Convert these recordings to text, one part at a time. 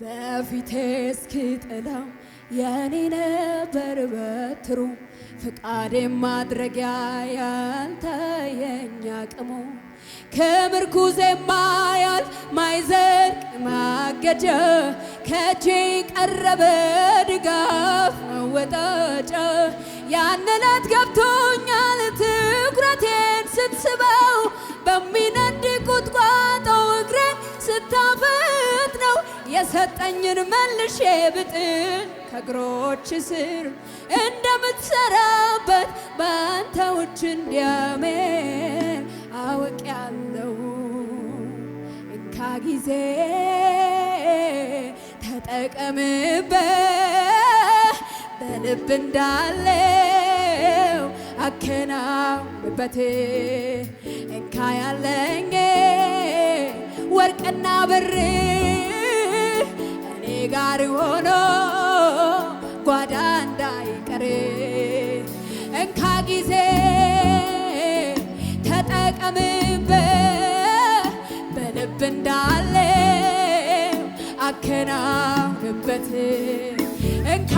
በፊቴ እስኪጥለው የኔ ነበር በትሩ ፍቃዴ ማድረጊያ ያልታየኝ አቅሙ ከምርኩዜማ ያልፍ ማይዘልቅ ማገጃ ከእጄ ቀረበ ድጋፍ መወጣጫ ያን ዕለት ገብቶኛል ትኩረቴን ስትስበው በሚነድ ቁጥቋጦ የሰጠኝን መልሼ ብጥል ከእግሮች ስር እንደምትሰራበት በአንተ ውጭ አውቅ ያለው እንካ ጊዜ ተጠቀምበት በልብ እንዳለው አከናውንበት እንካ ያለኝ ወርቅና ብሬ ፈጣሪ ሆኖ ጓዳ እንዳይቀር እንካ ጊዜ ተጠቀምበት በልብ እንዳለ አከናውንበት እንካ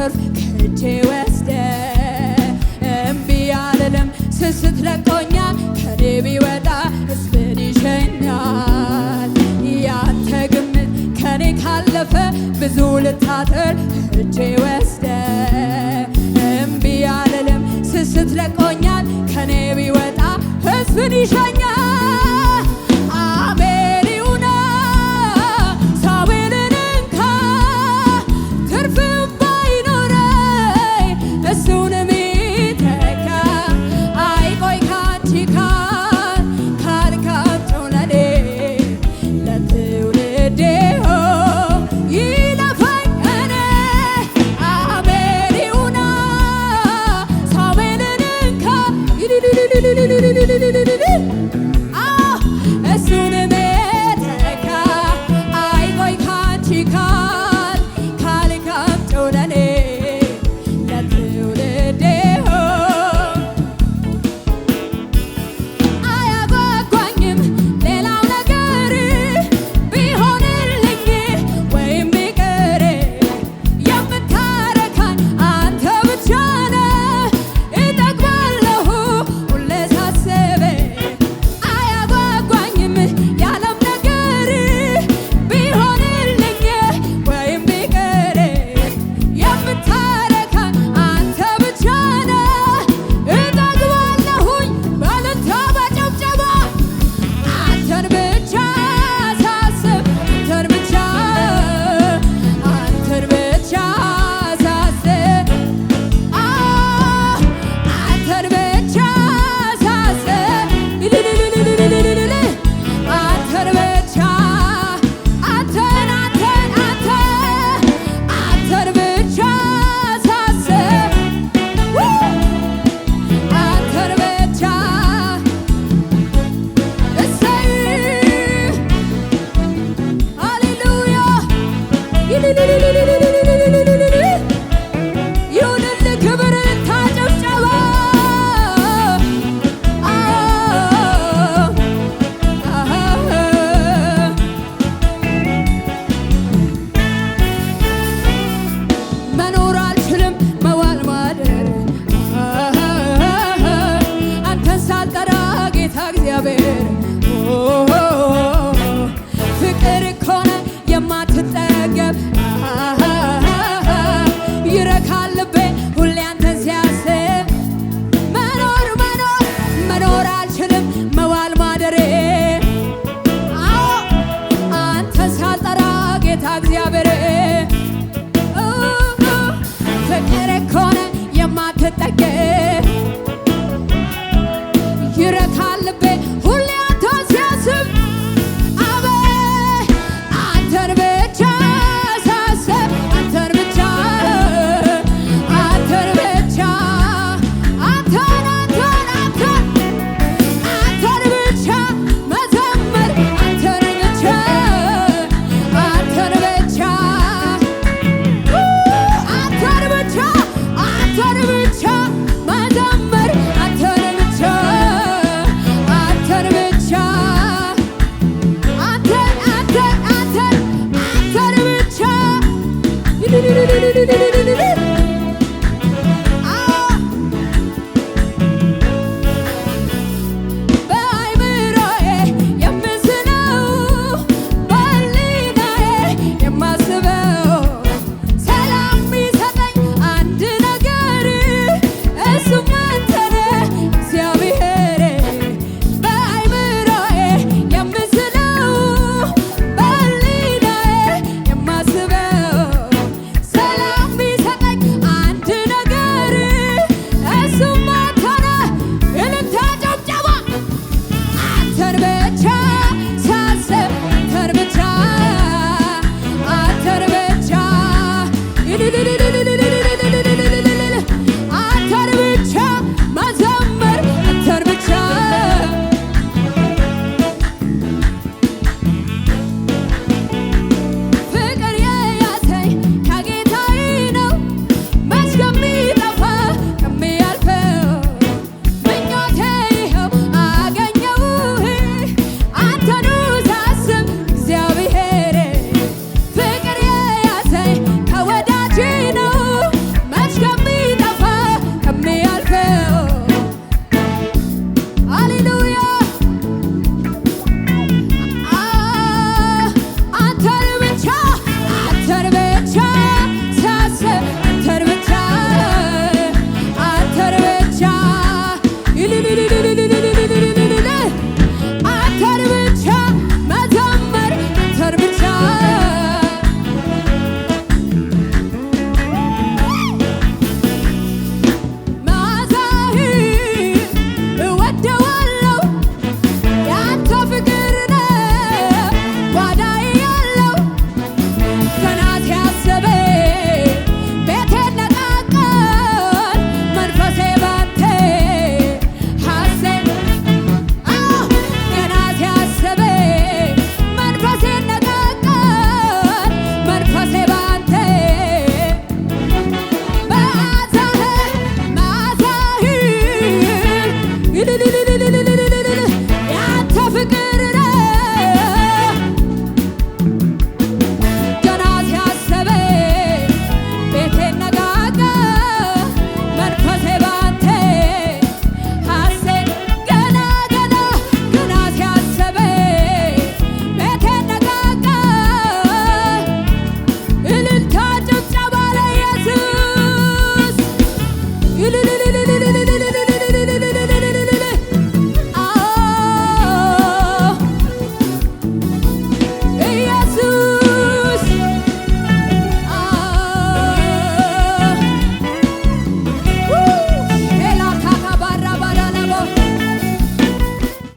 ትርፍ ከእጄ ወስደ እምቢ አልልም። ስስት ለቆኛል ከኔ ቢወጣ እስብን ይሸኛል። ያንተ ግምት ከኔ ካለፈ ብዙ ልታጥር ከእጄ ወስደ እምቢ አልልም። ስስት ለቆኛል ከኔ ቢወጣ እስብን ይሸኛል Yülülülülülü